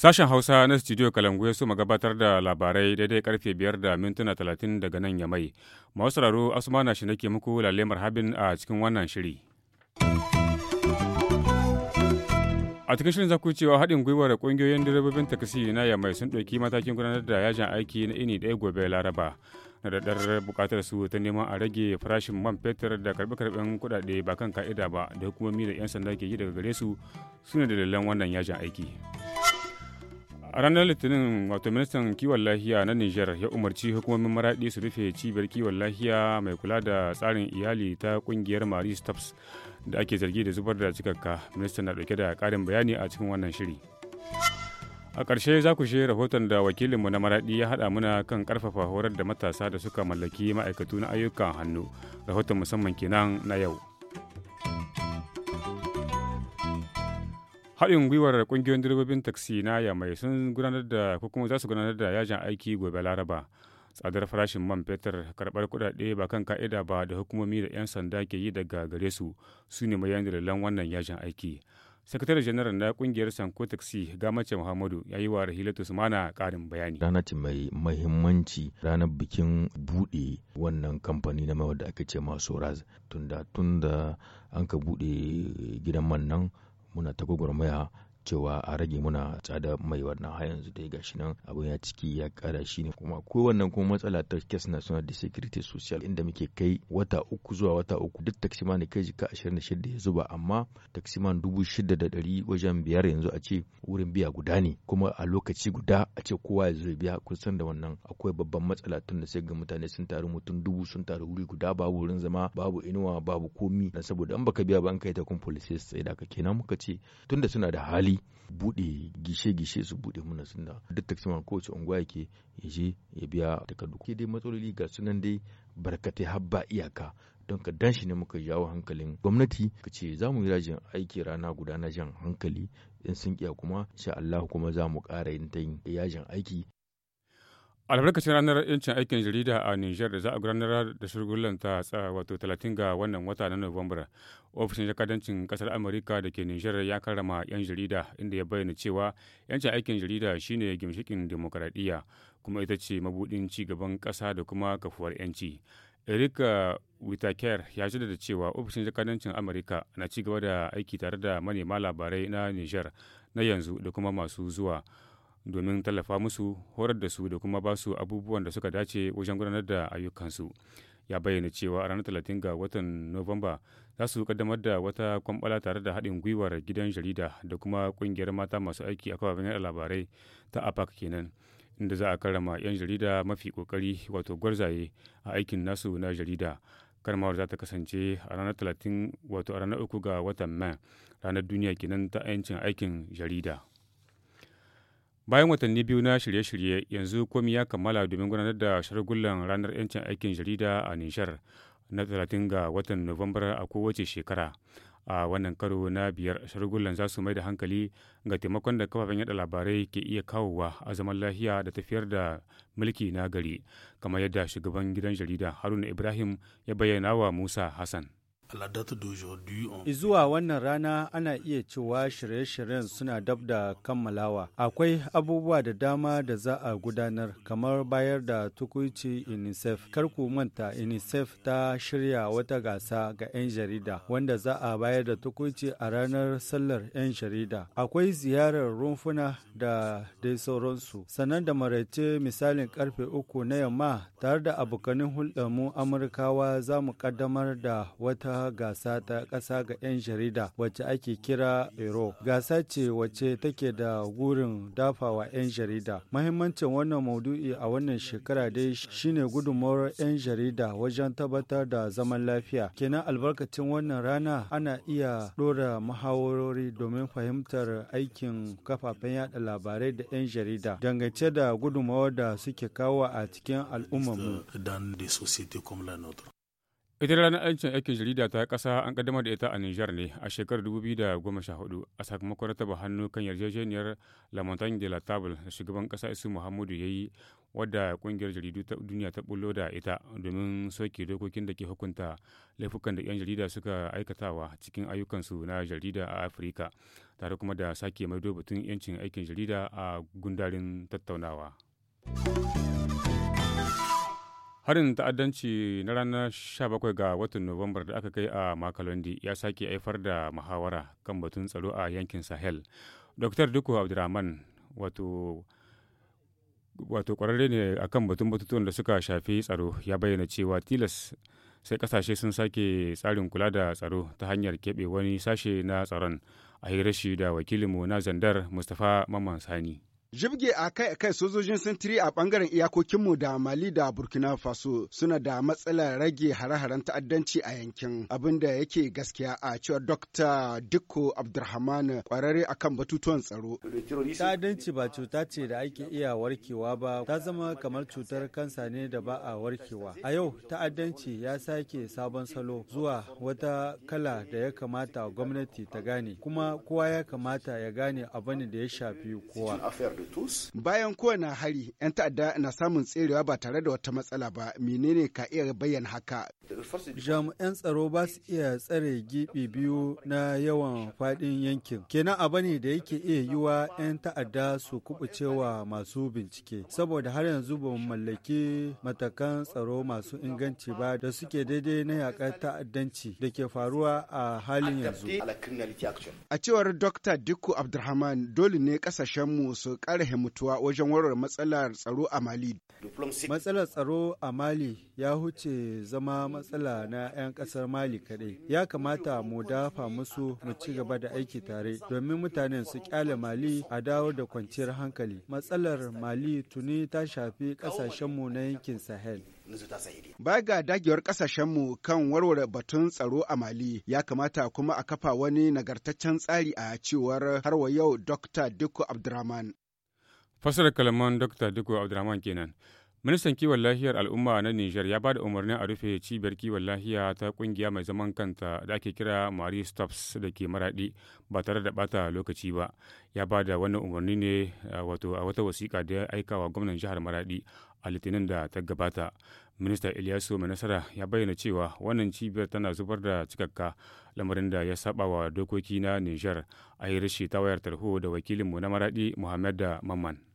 Sashen Hausa na studio Kalangu ya ma gabatar da labarai daidai karfe biyar da mintuna talatin daga nan yamai. Masu sauraro Asmana shi nake muku lalemar habin a cikin wannan shiri. a cikin shirin zaku cewa haɗin gwiwa da ƙungiyoyin direbobin takasi na yamai sun ɗauki matakin gudanar da yajin aiki na ini ɗaya gobe laraba na daɗar buƙatar su ta neman a rage farashin man fetur da karɓe-karɓen kuɗaɗe ba kan ka'ida ba da hukumomi da 'yan sanda ke yi daga gare su suna dalilan wannan yajin aiki. a ranar litinin wato ministan kiwon lafiya na niger ya umarci hukumomin maraɗi su rufe cibiyar kiwon lafiya mai kula da tsarin iyali ta kungiyar marie stops da ake zargi da zubar da cikakka ministan na ɗauke da karin bayani a cikin wannan shiri a ƙarshe za ku shi rahoton da wakilinmu na maraɗi ya haɗa muna kan ƙarfafa horar da matasa da suka mallaki ma'aikatu na ayyukan hannu rahoton musamman kenan na yau haɗin gwiwar ƙungiyoyin direbobin taxi na ya mai sun gudanar da ko kuma za su gudanar da yajin aiki gobe laraba tsadar farashin man fetur karɓar kuɗaɗe ba kan ka'ida ba da hukumomi da 'yan sanda ke yi daga gare su su ne mayan dalilan wannan yajin aiki sakataren janar na kungiyar sanko taxi gamace muhammadu ya yi wa rahilatu tusmana karin bayani rana ce mai mahimmanci ranar bikin buɗe wannan kamfani na mawa da aka ce masu raz tunda tunda an ka buɗe gidan man nan muna ta gwagwarmaya cewa a rage muna tsada mai wannan har yanzu dai gashi nan abin ya ciki ya kara shi ne kuma akwai wannan kuma matsala ta kes national da security social inda muke kai wata uku zuwa wata uku duk taxi ne kai jika ashirin da shida ya zuba amma taksiman dubu shida da ɗari wajen biyar yanzu a ce wurin biya guda ne kuma a lokaci guda a ce kowa ya zo biya san da wannan akwai babban matsala tun da sai ga mutane sun taru mutum dubu sun taru wuri guda babu wurin zama babu inuwa babu komi na saboda an baka biya ba an kai ta kun police sai da ka kenan muka ce tunda suna da hali buɗe gishe-gishe su buɗe muna suna duk taksiman kowace unguwa yake ya je ya biya takardu ke dai matsaloli ga sunan dai barkatai har ba iyaka don ka danshi ne muka jawo hankalin gwamnati ka ce za mu yi rajin aiki rana guda na jan hankali in sun kiya kuma sha Allah kuma za mu ƙara yin ta yajin aiki albarkacin ranar yancin aikin jarida a niger da za a gudanar da shirgulan ta wato 30 ga wannan wata na nuwamba ofishin jakadancin kasar amurka da ke niger ya karrama 'yan jarida inda ya bayyana cewa yancin aikin jarida shine gimshikin demokaradiyya kuma ita ce mabudin ci gaban kasa da kuma kafuwar 'yanci erika uh, whitaker ya shaida da cewa ofishin jakadancin amurka na ci gaba da aiki tare da manema labarai na niger na yanzu da kuma masu zuwa domin tallafa musu horar da su da kuma ba su abubuwan da suka dace wajen gudanar da ayyukansu ya bayyana cewa a ranar talatin ga watan nuwamba za su kaddamar da wata kwambala tare da haɗin gwiwar gidan jarida da kuma ƙungiyar mata masu aiki a kafafen yada labarai ta apak kenan inda za a karrama 'yan jarida mafi ƙoƙari wato gwarzaye a aikin nasu na jarida karmawar za ta kasance a ranar talatin wato a ranar uku ga watan mai ranar duniya kenan ta 'yancin aikin jarida Bayan watanni biyu na shirye-shirye, yanzu komi ya kammala domin gudanar da shargullan ranar 'yancin aikin jarida a nishar na 30 ga watan Nuwambar a kowace shekara. A wannan karo na biyar, shargullan za su mai da hankali ga taimakon da kafafen yada labarai ke iya kawowa a zaman lafiya da tafiyar da mulki na gari, kamar yadda shugaban gidan jarida Haruna Ibrahim ya bayyana wa Musa Hassan. Zuwa wannan rana ana iya cewa shirye-shiryen suna dab da kammalawa. Akwai abubuwa da dama da za a gudanar kamar bayar da tukuici UNICEF. karku manta UNICEF ta shirya wata gasa ga 'yan jarida wanda za a bayar da tukuici a ranar sallar 'yan jarida. Akwai ziyarar rumfuna da dai sauransu. Sannan da maraice misalin karfe uku na yamma tare da abokanin hulɗar Amurkawa za mu kaddamar da wata gasa ta ƙasa ga 'yan jarida wacce ake kira ero gasa ce wacce take da gurin dafawa 'yan jarida mahimmancin wannan maudu'i a wannan shekara dai shine gudunmawar 'yan jarida wajen tabbatar da zaman lafiya kenan albarkacin wannan rana ana iya ɗora mahawarori domin fahimtar aikin kafafen yada labarai da 'yan jarida dangance da gudunmawar da suke kawo a cikin al'ummarmu ita ranar aikin aikin jarida ta kasa an kaddamar da ita a Nijar ne a shekarar 2014 a sakamakon taba hannu kan yarjejeniyar La Montagne de la Table da shugaban ƙasa Isu Muhammadu ya yi wadda ƙungiyar jaridu ta duniya ta bullo da ita domin soke dokokin da ke hukunta laifukan da 'yan jarida suka aikatawa cikin ayyukansu na jarida a Afirka tare kuma da sake maido batun 'yancin aikin jarida a gundarin tattaunawa. harin ta'addanci na ranar 17 ga watan nuwambar da aka kai a makalondi ya sake haifar da muhawara kan batun tsaro a yankin sahel dr duku abdurrahman wato wato kwararre ne akan batun batutuwan da suka shafi tsaro ya bayyana cewa tilas sai kasashe sun sake tsarin kula da tsaro ta hanyar keɓe wani sashe na tsaron a hirashi da wakilinmu na zandar mustapha mamman sani Jibge a kai kai sojojin sintiri a bangaren iyakokinmu da Mali da Burkina Faso suna da matsalar rage hare-haren ta'addanci a yankin abin da yake gaskiya a cewar Dr. Dikko Abdulrahman kwararre akan batutuwan tsaro. Ta'addanci ba cuta ce da ake iya warkewa ba ta zama kamar cutar kansa ne da ba a warkewa. A yau ta'addanci ya sake sabon salo zuwa wata kala da ya kamata gwamnati ta gane kuma kowa ya kamata ya gane abin da ya shafi kowa. Bayan kowane hari, 'yan ta'adda na samun tserewa ba tare da wata matsala ba, menene ka iya bayyana haka? Jami'an tsaro ba su iya tsare gibi biyu na yawan faɗin yankin. Kenan abu ne da yake iya yiwa 'yan ta'adda su kubucewa masu bincike. Saboda har yanzu ba mallaki matakan tsaro masu inganci ba da suke daidai na yakar ta'addanci da ke faruwa a halin yanzu. A cewar Dr. Dikku Abdulrahman dole ne mu su kara himmatuwa wajen warware matsalar tsaro a Mali. Matsalar tsaro a Mali ya huce zama matsala na 'yan kasar Mali kaɗai. Ya kamata mu dafa musu mu ci gaba da aiki tare domin mutanen su kyale Mali a dawo da kwanciyar hankali. Matsalar Mali tuni ta shafi ƙasashenmu na yankin Sahel. Ba ga dagewar ƙasashenmu kan warware batun tsaro a Mali, ya kamata kuma a kafa wani nagartaccen tsari a cewar har wa yau Dr. Dikko Abdurrahman. fassarar kalaman Dr. Diko Abdulrahman kenan. Ministan kiwon lafiyar al'umma na Nijar ya ba da umarnin a rufe cibiyar kiwon lahiya ta kungiya mai zaman kanta da ake kira Marie Stops da ke maraɗi ba tare da bata lokaci ba. Ya ba da wannan umarni ne wato a wata wasiƙa da ya aika wa gwamnan jihar maraɗi a litinin da ta gabata. Minista Ilyasu mai nasara ya bayyana cewa wannan cibiyar tana zubar da cikakka lamarin da ya saba wa dokoki na Nijar a yi rashi ta wayar tarho da wakilinmu na maraɗi Muhammad da Mamman.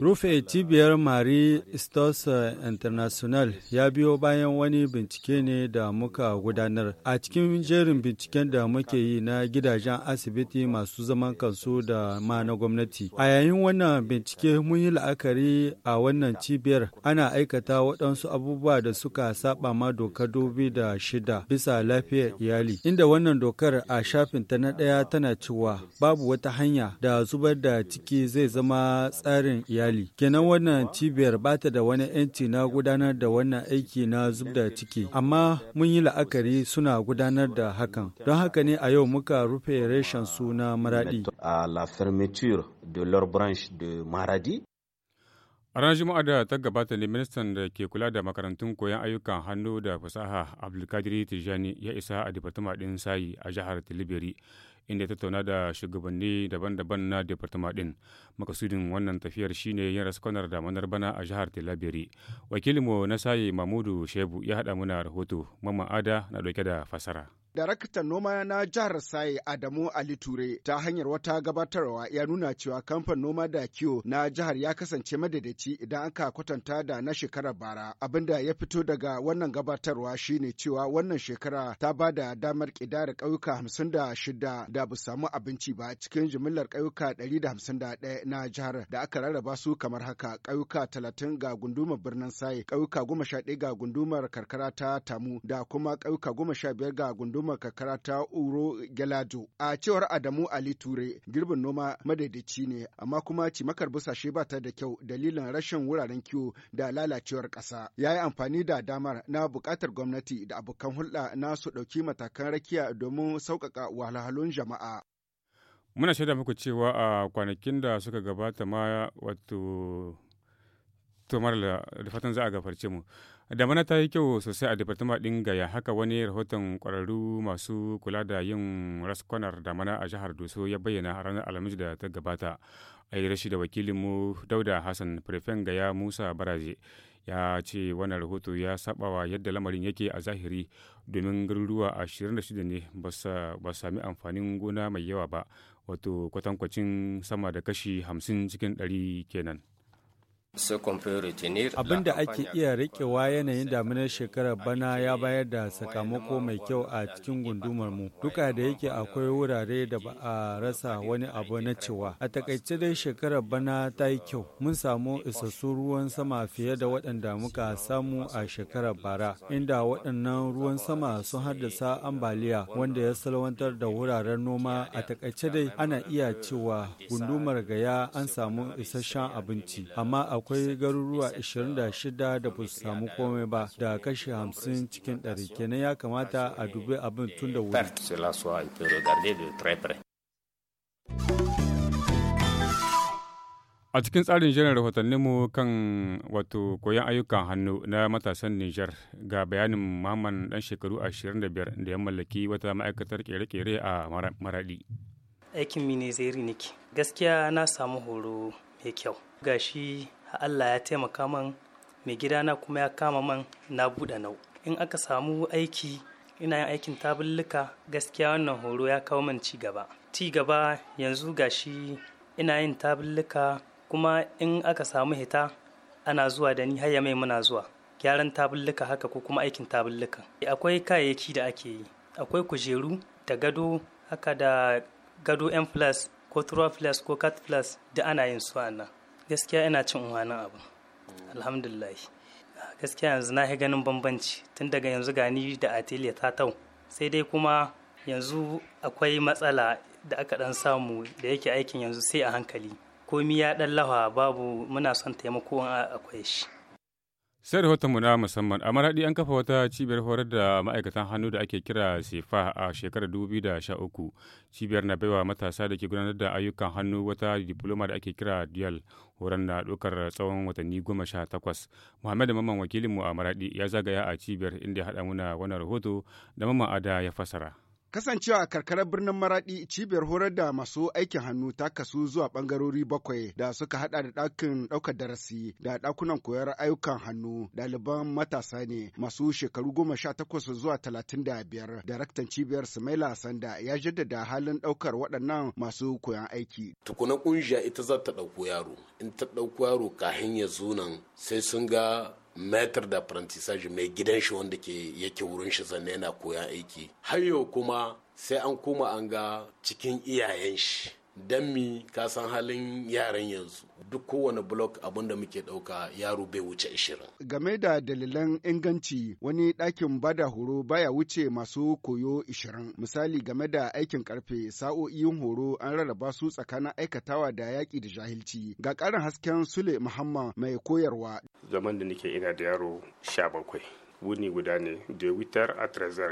Rufe cibiyar mari Stos International ya biyo bayan wani bincike ne da muka gudanar. A cikin jerin binciken da muke yi na gidajen asibiti masu zaman kansu da ma na gwamnati. A yayin wannan bincike mun yi la'akari a wannan cibiyar ana aikata waɗansu abubuwa da suka saba ma doka dubi da shida bisa lafiyar iyali. Inda wannan dokar a shafin ta na ɗaya tana cewa babu wata hanya da zubar da ciki zai zama zama tsarin iyali. Kenan wannan cibiyar bata da wani 'yanci na gudanar da wannan aiki na zub da ciki, amma mun yi la'akari suna gudanar da hakan. Don haka ne a yau muka rufe reshen su na Maradi. A la fermeture de leur branche de Maradi. A ranar Juma'a da ta gabata ne ministan da ke kula da makarantun koyon ayyukan hannu da fasaha Abdulkadir Tijani ya isa a dipatima ɗin Sayi a jihar Tilibiri inda ya tattauna da shugabanni daban-daban na departama ɗin. Makasudin wannan tafiyar shine yin raskonar damanar bana a jihar Tilabiri. Wakilinmu na saye Mamudu Shebu ya haɗa muna rahoto, Mama Ada na ɗauke da fasara. daraktan noma na jihar Saye Adamu Ali Ture ta hanyar wata gabatarwa ya nuna cewa kamfan noma da kiwo na jihar ya kasance madadaci idan aka kwatanta da na shekarar bara. Abinda ya fito daga wannan gabatarwa shine cewa wannan shekara ta ba da damar kidara ƙauyuka hamsin da shida da bu samu abinci ba cikin jimillar ƙauyuka ɗari da hamsin da ɗaya na jihar da aka rarraba su kamar haka ƙauyuka talatin ga gundumar birnin Saye, ƙauyuka goma sha ɗaya ga gundumar karkara ta Tamu da kuma ƙauyuka goma sha biyar ga gundumar hukumar kakara ta Uro Gelado. A cewar Adamu Ali Ture, girbin noma madaidaici ne, amma kuma cimakar busashe ba ta da kyau dalilin rashin wuraren kiwo da lalacewar ƙasa. Ya yi amfani da damar na buƙatar gwamnati da abokan hulɗa na su ɗauki matakan rakiya domin sauƙaƙa wahalhalun jama'a. Muna shaida muku cewa a kwanakin da suka gabata ma wato tomar da fatan za a gafarce mu. damana ta yi kyau sosai a departama ɗin gaya haka wani rahoton kwararru masu kula da yin raskwanar mana a jihar doso ya bayyana a ranar alhamis da ta gabata a yi rashi da wakilinmu dauda hassan prefen gaya musa baraje ya ce wannan rahoto ya sabawa yadda lamarin yake a zahiri domin garuruwa 26 ne ba sami amfanin gona mai yawa ba wato kwatankwacin sama da kashi 50 cikin ɗari kenan. Abin da ake iya rikewa yanayin daminar shekarar bana ya bayar da sakamako mai kyau a cikin gundumar mu. Duka da yake akwai wurare da ba a rasa wani abu na cewa. A takaice dai shekarar bana ta yi kyau. Mun samu isassun ruwan sama fiye da waɗanda muka samu a shekarar bara, inda waɗannan ruwan sama sun haddasa ambaliya wanda ya salwantar da wuraren noma. A takaice dai ana iya cewa gundumar gaya an samu isasshen abinci, amma akwai akwai garuruwa 26 da ba su samu komai ba da kashe 50 cikin ɗari kenan ya kamata a dubi abin tun da wuri. A cikin tsarin jiran rahotanninmu kan wato koyon ayyukan hannu na matasan niger ga bayanin maman dan shekaru 25 da ya mallaki wata ma'aikatar kere-kere a Maradi. Aikin zai niki Gaskiya na samu horo mai kyau. Gashi Allah ya taimaka man mai gidana kuma ya kama man na buɗe nau in aka samu aiki ina yin aikin tabulluka gaskiya wannan horo ya kawo man ci gaba ci gaba yanzu gashi ina yin tabulluka kuma in aka samu hita ana zuwa da ni ya mai muna zuwa gyaran tabulluka haka ko kuma aikin tabulluka akwai kayayyaki da ake yi akwai kujeru da gado haka da gado m plus ko 3 plus ko Cut plus da ana yin su a nan gaskiya ina cin wani abu alhamdulillah gaskiya yanzu na ganin bambanci tun daga yanzu gani da atelier ta tau sai dai kuma yanzu akwai matsala da aka dan samu da yake aikin yanzu sai a hankali komi ya dan lawa babu muna son taimako akwai shi sai rahotonmu na musamman a maraɗi an kafa wata cibiyar horar da ma'aikatan hannu da ake kira sefa a shekarar 2013 cibiyar na baiwa matasa da ke gudanar da ayyukan hannu wata diploma da ake kira diyal horar na ɗaukar tsawon watanni goma sha takwas muhammadu mamman wakilinmu a maraɗi ya zagaya a cibiyar inda ya haɗa muna wannan rahoto da mamman ada ya fasara Kasancewa a karkarar birnin Maradi cibiyar horar da masu aikin hannu ta kasu zuwa bangarori bakwai da suka hada da ɗakin ɗaukar darasi da ɗakunan koyar ayyukan hannu ɗaliban matasa ne masu shekaru goma sha takwas zuwa talatin da biyar. Daraktan cibiyar Sumaila Sanda ya jaddada halin ɗaukar waɗannan masu koyan aiki. Tukuna ƙungiya ita za ta ɗauko yaro in ta ɗauko yaro kahin ya zo nan sai sun ga metar da apprentissage mai gidan shi wanda ke yake wurin shi sannan yana koyan aiki har yau kuma sai an koma an ga cikin iyayen shi dan mi ka san halin yaran yanzu duk kowane blok abin da muke ɗauka yaro bai wuce 20. game da dalilan inganci wani ɗakin bada horo baya wuce masu koyo 20 misali game da aikin karfe sa'o'in horo an rarraba su tsakanin aikatawa da yaƙi da jahilci ga ƙarin hasken sule muhammad mai koyarwa zaman da nake ina da yaro 17 wuni guda ne da witar a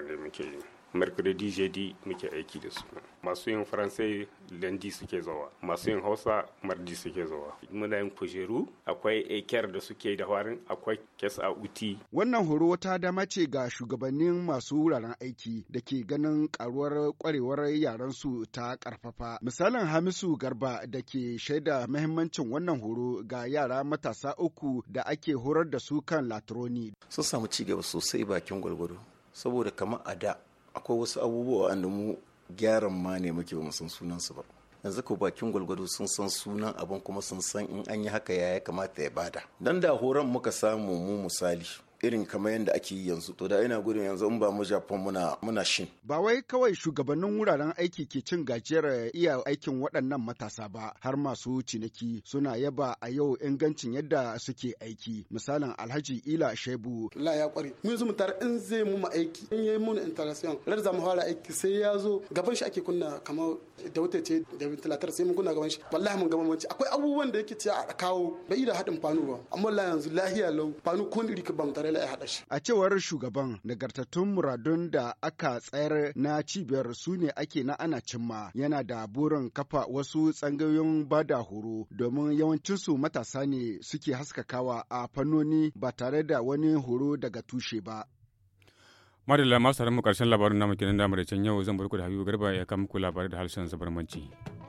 ne muke yi mercredi jeudi muke aiki da su masu yin faransai landi suke zawa masu yin hausa mardi suke zawa muna yin kujeru akwai eker da suke da warin akwai kes a uti wannan horo wata dama ce ga shugabannin masu wuraren aiki da ke ganin karuwar kwarewar yaran su ta karfafa misalin hamisu garba da ke shaida mahimmancin wannan horo ga yara matasa uku da ake horar da su kan latroni sun samu cigaba sosai bakin gwalgwado saboda kamar a da akwai wasu abubuwa wanda mu gyaran ma ne muke ba san sunan su ba yanzu ko bakin gwalgwado sun san sunan abin kuma sun san in an yi haka ya kamata ya bada dan da horon muka samu mu misali irin kamar yadda ake yi yanzu to da ina gudun yanzu in ba mu Japan muna muna shin ba wai kawai shugabannin wuraren aiki ke cin gajiyar iya aikin waɗannan matasa ba har masu ciniki suna yaba a yau ingancin yadda suke aiki misalin Alhaji Ila Shebu la ya kware mun zo mutar in zai mu ma aiki in yayi mun interaction rar za mu fara aiki sai ya zo gaban shi ake kunna kamar da wuta ce da ventilator sai mun kunna gaban shi wallahi mun gaban akwai abubuwan da yake ce a kawo bai da haɗin fanu ba amma yanzu lahiya lau fanu ko iri ka ba ne haɗa shi. A cewar shugaban nagartattun muradun da aka tsayar na cibiyar su ne ake na ana cimma yana da burin kafa wasu tsangayoyin bada horo domin yawancinsu matasa ne suke haskakawa a fannoni ba tare da wani horo daga tushe ba. Madalla masu mu karshen labarin namu kenan da yau zan barku da Habibu Garba ya kama muku labarai da harshen zabarmanci.